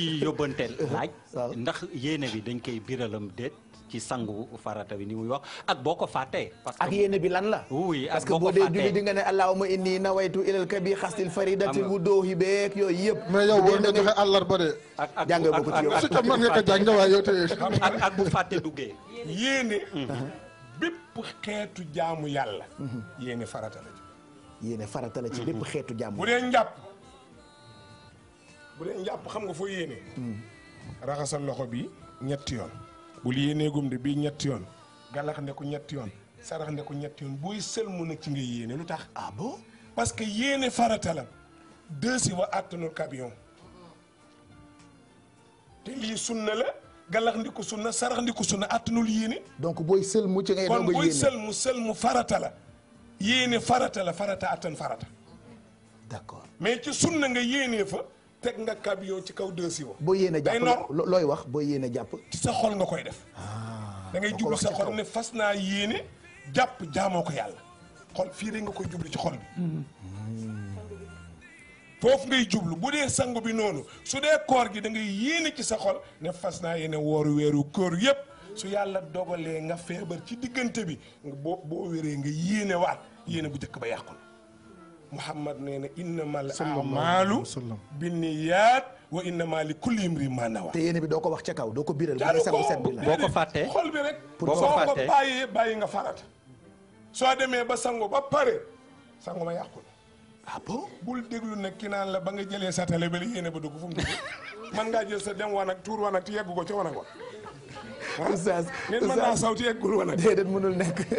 ci yóbbanteel laaj ndax yéene bi dañ koy biralam déet ci sangu farata bi ni muy wax ak boo ko fàttee ak yéene bi lan la oui parce que boo dee julli di nga ne allahumma inni nawaytu ilal kabi xastil faridatil wu doohi beek yooyu yëpp mais yow war nga joxe àllarba de ak jàng nga ko bu fàtte duggee yéene mhm. bépp xeetu jaamu yàlla mhm. yéene farata ci mhm. bépp xeetu jaamu bu dee njàpp bu dee njàpp xam nga foo yéene. raxasal loxo bi ñetti yoon. bul yéenee gum de bii ñetti yoon. galax ne ñetti yoon. sarax ne ñetti yoon booy sëlmu nag ci nga yéene lu tax. ah parce que yéene farata la. deux si wa àttanul camion. te lii donc booy sëlmu ci ngay doog kon booy sëlmu sëlmu farata la. yéene farata la farata attan farata. mais ci sunna nga yéenee teg nga yow ci kaw deux siwo boo yéene a jàpp looy wax boo yéen a jàpp ci sa xol nga koy def ah, dangay ngay jublu sa xol ne fas naa yéene jàpp jaamoo ko yàlla xol fii rek nga koy jublu ci xol bi mm-hmm. Mm-hmm. foofu bu dee sangu bi noonu su dee koor gi da ngay yéene ci sa xol ne fas naa yéene wooru weeru koor yépp su yàlla dogalee nga feebar ci diggante bi boo boo wéree nga yéene waat yéene bu njëkk ba yàqul Muhammad nee na innamal a'maalu binniyaat wa innamaa li kulli imri maa nawaa. te yéene bi doo ko wax ca kaw doo ko biral. jaadu ko boo ko fàttee xol bi rek. pour boo ko fàttee bàyyi nga farata. soo demee ba sangu ba pare sangu ma yàqu la. ah bon bul déglu nag ki naan la ba nga jëlee sa télé ba la yéene ba dugg fu mu dugg man ngaa jël sa dem wanag tuur wanag te yeggu ko ca wanag wa. oustaz oustaz ngeen mën naa saw te yeggul wanag. déedéet mënul nekk.